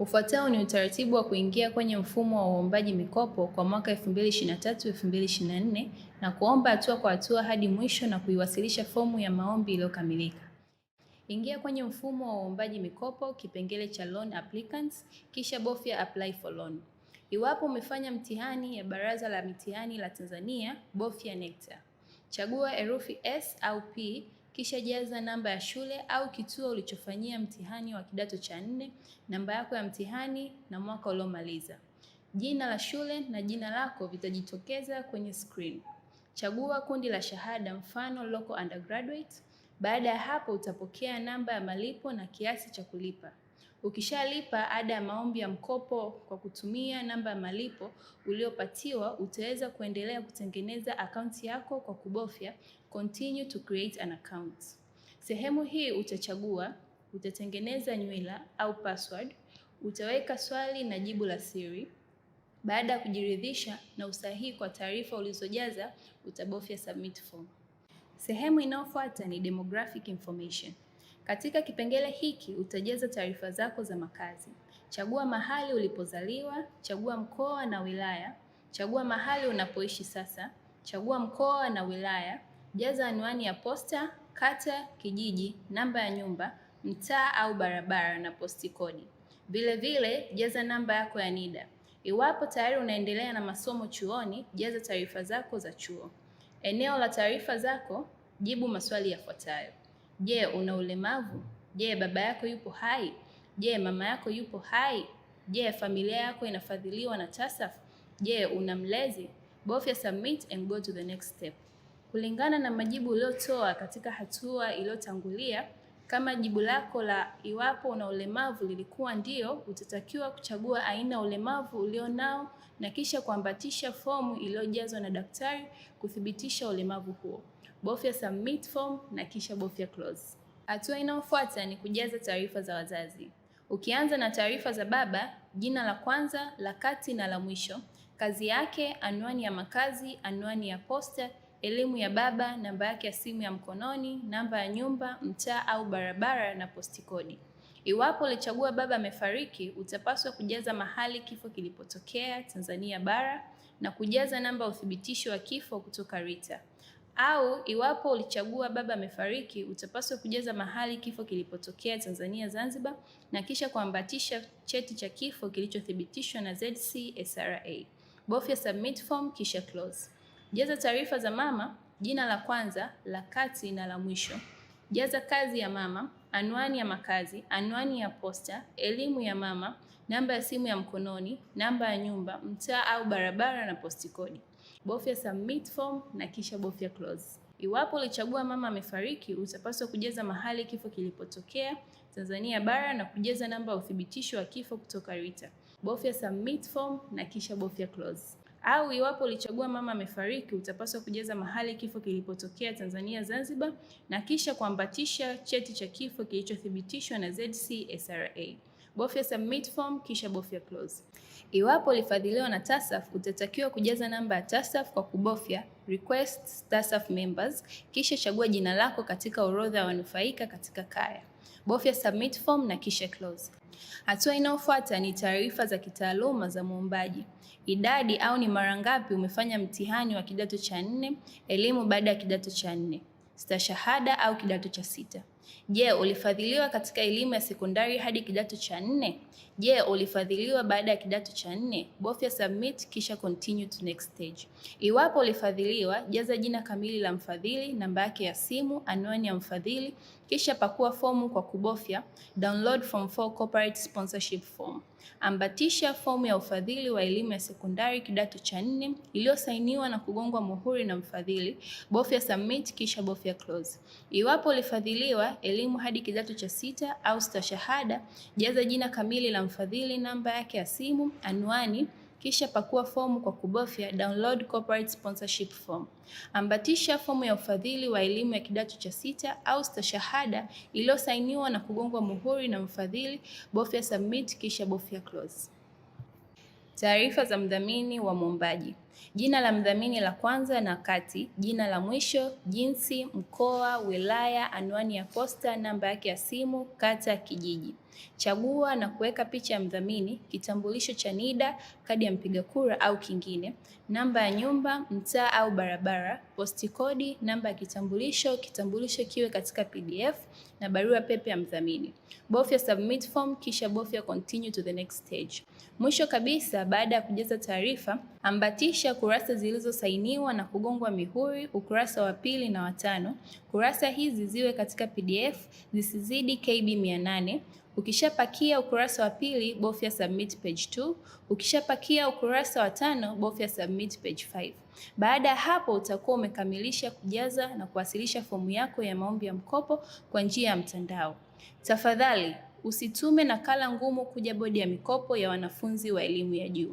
Ufuatao ni utaratibu wa kuingia kwenye mfumo wa uombaji mikopo kwa mwaka 2023-2024 na kuomba hatua kwa hatua hadi mwisho na kuiwasilisha fomu ya maombi iliyokamilika. Ingia kwenye mfumo wa uombaji mikopo, kipengele cha Loan Applicants, kisha bofya Apply for Loan. Iwapo umefanya mtihani ya Baraza la Mitihani la Tanzania, bofya NECTA. Chagua herufi S au P kisha jaza namba ya shule au kituo ulichofanyia mtihani wa kidato cha nne, namba yako ya mtihani na mwaka uliomaliza. Jina la shule na jina lako vitajitokeza kwenye screen. Chagua kundi la shahada, mfano local undergraduate. Baada ya hapo utapokea namba ya malipo na kiasi cha kulipa. Ukishalipa ada ya maombi ya mkopo kwa kutumia namba ya malipo uliopatiwa utaweza kuendelea kutengeneza akaunti yako kwa kubofya continue to create an account. Sehemu hii utachagua, utatengeneza nywila au password, utaweka swali na jibu la siri. Baada ya kujiridhisha na usahihi kwa taarifa ulizojaza, utabofya submit form. Sehemu inayofuata ni demographic information. Katika kipengele hiki utajaza taarifa zako za makazi. Chagua mahali ulipozaliwa, chagua mkoa na wilaya, chagua mahali unapoishi sasa, chagua mkoa na wilaya, jaza anwani ya posta, kata, kijiji, namba ya nyumba, mtaa au barabara na posti kodi. Vilevile jaza namba yako ya NIDA. Iwapo tayari unaendelea na masomo chuoni, jaza taarifa zako za chuo. Eneo la taarifa zako, jibu maswali yafuatayo. Je, una ulemavu? Je, baba yako yupo hai? Je, mama yako yupo hai? Je, familia yako inafadhiliwa na TASAF? Je, una mlezi? Bofya submit and go to the next step. Kulingana na majibu uliotoa katika hatua iliyotangulia, kama jibu lako la iwapo una ulemavu lilikuwa ndio, utatakiwa kuchagua aina ya ulemavu ulionao na kisha kuambatisha fomu iliyojazwa na daktari kuthibitisha ulemavu huo bofya submit form na kisha bofya close. Hatua inayofuata ni kujaza taarifa za wazazi, ukianza na taarifa za baba: jina la kwanza, la kati na la mwisho, kazi yake, anwani ya makazi, anwani ya posta, elimu ya baba, namba yake ya simu ya mkononi, namba ya nyumba, mtaa au barabara na posti kodi. Iwapo ulichagua baba amefariki, utapaswa kujaza mahali kifo kilipotokea Tanzania bara na kujaza namba ya uthibitisho wa kifo kutoka RITA au iwapo ulichagua baba amefariki, utapaswa kujaza mahali kifo kilipotokea Tanzania Zanzibar, na kisha kuambatisha cheti cha kifo kilichothibitishwa na ZCSRA. Bofya submit form kisha close. Jaza taarifa za mama, jina la kwanza, la kati na la mwisho. Jaza kazi ya mama, anwani ya makazi, anwani ya posta, elimu ya mama, namba ya simu ya mkononi, namba ya nyumba, mtaa au barabara na posti kodi. Bofya submit form na kisha bofya close. Iwapo ulichagua mama amefariki, utapaswa kujaza mahali kifo kilipotokea Tanzania bara na kujaza namba ya uthibitisho wa kifo kutoka RITA. Bofya submit form na kisha bofya close au iwapo ulichagua mama amefariki, utapaswa kujaza mahali kifo kilipotokea Tanzania Zanzibar, na kisha kuambatisha cheti cha kifo kilichothibitishwa na ZCSRA bofya submit form kisha bofya close. Iwapo ulifadhiliwa na TASAF utatakiwa kujaza namba ya TASAF kwa kubofya request TASAF members kisha chagua jina lako katika orodha ya wanufaika katika kaya. Bofya submit form na kisha close. Hatua inayofuata ni taarifa za kitaaluma za muombaji: idadi au ni mara ngapi umefanya mtihani wa kidato cha nne, elimu baada ya kidato cha nne, stashahada au kidato cha sita. Je, ulifadhiliwa katika elimu ya sekondari hadi kidato cha nne? Je, ulifadhiliwa baada ya kidato cha nne? Bofya submit kisha continue to next stage. Iwapo ulifadhiliwa, jaza jina kamili la mfadhili, namba yake ya simu, anwani ya mfadhili, kisha pakua fomu kwa kubofya download from for corporate sponsorship form. Ambatisha fomu ya ufadhili wa elimu ya sekondari kidato cha nne iliyosainiwa na kugongwa muhuri na mfadhili, bofya submit kisha bofya close. Iwapo ulifadhiliwa elimu hadi kidato cha sita au stashahada, jaza jina kamili la mfadhili, namba yake ya simu, anwani kisha pakua fomu kwa kubofya download corporate sponsorship form. Ambatisha fomu ya ufadhili wa elimu ya kidato cha sita au stashahada iliyosainiwa na kugongwa muhuri na mfadhili. Bofya submit, kisha bofya close. Taarifa za mdhamini wa mwombaji: jina la mdhamini la kwanza na kati, jina la mwisho, jinsi, mkoa, wilaya, anwani ya posta, namba yake ya simu, kata, kijiji. Chagua na kuweka picha ya mdhamini, kitambulisho cha NIDA, kadi ya mpiga kura au kingine, namba ya nyumba, mtaa au barabara, posti kodi, namba ya kitambulisho, kitambulisho kiwe katika PDF na barua pepe ya mdhamini. Bofya submit form, kisha bofya continue to the next stage. Mwisho kabisa, baada ya kujaza taarifa, ambatisha kurasa zilizosainiwa na kugongwa mihuri, ukurasa wa pili na watano. Kurasa hizi ziwe katika PDF zisizidi KB 800. Ukishapakia ukurasa wa pili, bofya submit page 2. Ukishapakia ukurasa wa tano, bofya submit page 5. Baada ya hapo utakuwa umekamilisha kujaza na kuwasilisha fomu yako ya maombi ya mkopo kwa njia ya mtandao. Tafadhali usitume nakala ngumu kuja Bodi ya Mikopo ya Wanafunzi wa Elimu ya Juu.